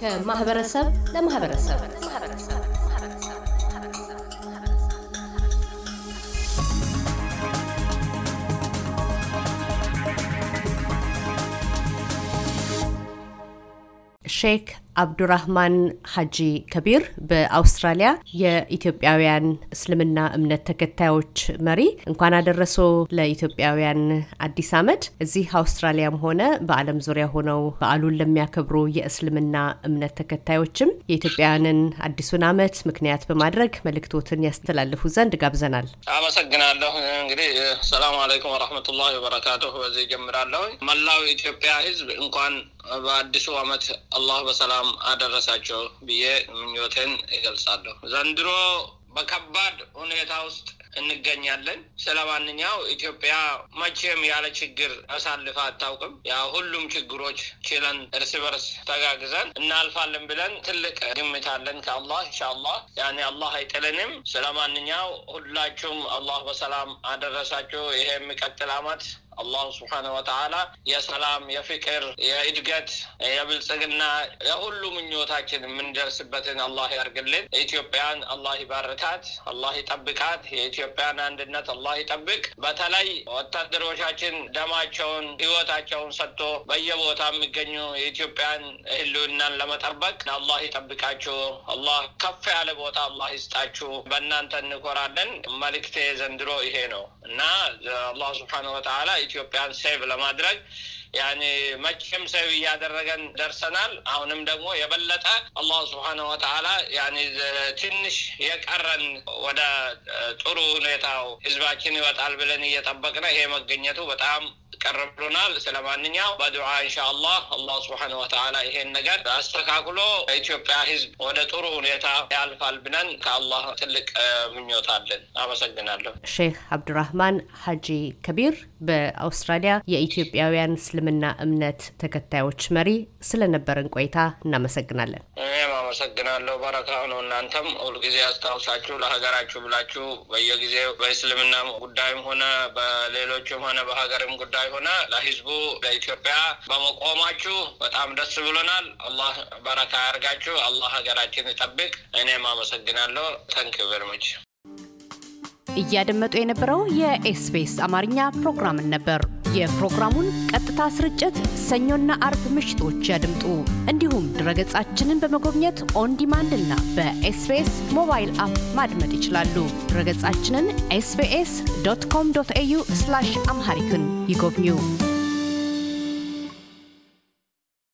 ከማህበረሰብ ለማህበረሰብ ሼክ አብዱራህማን ሀጂ ከቢር በአውስትራሊያ የኢትዮጵያውያን እስልምና እምነት ተከታዮች መሪ፣ እንኳን አደረሶ ለኢትዮጵያውያን አዲስ ዓመት። እዚህ አውስትራሊያም ሆነ በዓለም ዙሪያ ሆነው በዓሉን ለሚያከብሩ የእስልምና እምነት ተከታዮችም የኢትዮጵያውያንን አዲሱን ዓመት ምክንያት በማድረግ መልእክቶትን ያስተላልፉ ዘንድ ጋብዘናል። አመሰግናለሁ። እንግዲህ ሰላም አለይኩም ወረህመቱላሂ ወበረካቱ። በዚህ ጀምራለሁ። መላው ኢትዮጵያ ህዝብ እንኳን በአዲሱ ዓመት አላህ በሰላም አደረሳቸው ብዬ ምኞቴን ይገልጻለሁ። ዘንድሮ በከባድ ሁኔታ ውስጥ እንገኛለን። ስለ ማንኛው ኢትዮጵያ መቼም ያለ ችግር አሳልፈ አታውቅም። ያ ሁሉም ችግሮች ችለን እርስ በርስ ተጋግዘን እናልፋለን ብለን ትልቅ ግምት አለን ከአላህ ያኔ አላህ አይጥለንም። ስለ ማንኛው ሁላችሁም አላህ በሰላም አደረሳችሁ። ይሄ የሚቀጥል አመት አላሁ ስብሓን ወተዓላ የሰላም፣ የፍቅር፣ የእድገት፣ የብልጽግና የሁሉ ምኞታችን የምንደርስበትን አላህ ያርግልን። ኢትዮጵያን አላህ ይባርካት፣ አላህ ይጠብቃት። የኢትዮጵያን አንድነት አላህ ይጠብቅ። በተለይ ወታደሮቻችን ደማቸውን ህይወታቸውን ሰጥቶ በየቦታ የሚገኙ የኢትዮጵያን ህልውናን ለመጠበቅ አላህ ይጠብቃችሁ። አላህ ከፍ ያለ ቦታ አላህ ይስጣችሁ። በእናንተ እንኮራለን። መልክቴ ዘንድሮ ይሄ ነው እና አላህ ስብሓን ወተላ ኢትዮጵያን ሴቭ ለማድረግ ያኔ መቼም ሰው እያደረገን ደርሰናል። አሁንም ደግሞ የበለጠ አላህ ስብሓነ ወተዓላ ያኔ ትንሽ የቀረን ወደ ጥሩ ሁኔታው ህዝባችን ይወጣል ብለን እየጠበቅነ ይሄ መገኘቱ በጣም ቀርብሎናል። ስለ ማንኛው በዱዓ ኢንሻአላህ አላህ ስብሓነ ወተዓላ ይሄን ነገር አስተካክሎ የኢትዮጵያ ህዝብ ወደ ጥሩ ሁኔታ ያልፋል ብለን ከአላህ ትልቅ ምኞታለን። አመሰግናለሁ። ሼህ አብዱራህማን ሀጂ ከቢር በአውስትራሊያ የኢትዮጵያውያን የእስልምና እምነት ተከታዮች መሪ ስለነበረን ቆይታ እናመሰግናለን። እኔም አመሰግናለሁ። በረካ ነው። እናንተም ሁልጊዜ አስታውሳችሁ ለሀገራችሁ ብላችሁ በየጊዜው በእስልምና ጉዳይም ሆነ በሌሎችም ሆነ በሀገርም ጉዳይ ሆነ ለህዝቡ ለኢትዮጵያ በመቆማችሁ በጣም ደስ ብሎናል። አላህ በረካ ያርጋችሁ። አላህ ሀገራችን ይጠብቅ። እኔም አመሰግናለሁ። ተንክ ቨርመች እያደመጡ የነበረው የኤስቢኤስ አማርኛ ፕሮግራምን ነበር። የፕሮግራሙን ቀጥታ ስርጭት ሰኞና አርብ ምሽቶች ያድምጡ። እንዲሁም ድረገጻችንን በመጎብኘት ኦንዲማንድ እና በኤስቤስ ሞባይል አፕ ማድመጥ ይችላሉ። ድረገጻችንን ኤስቤስ ዶት ኮም ዶት ኤዩ አምሃሪክን ይጎብኙ።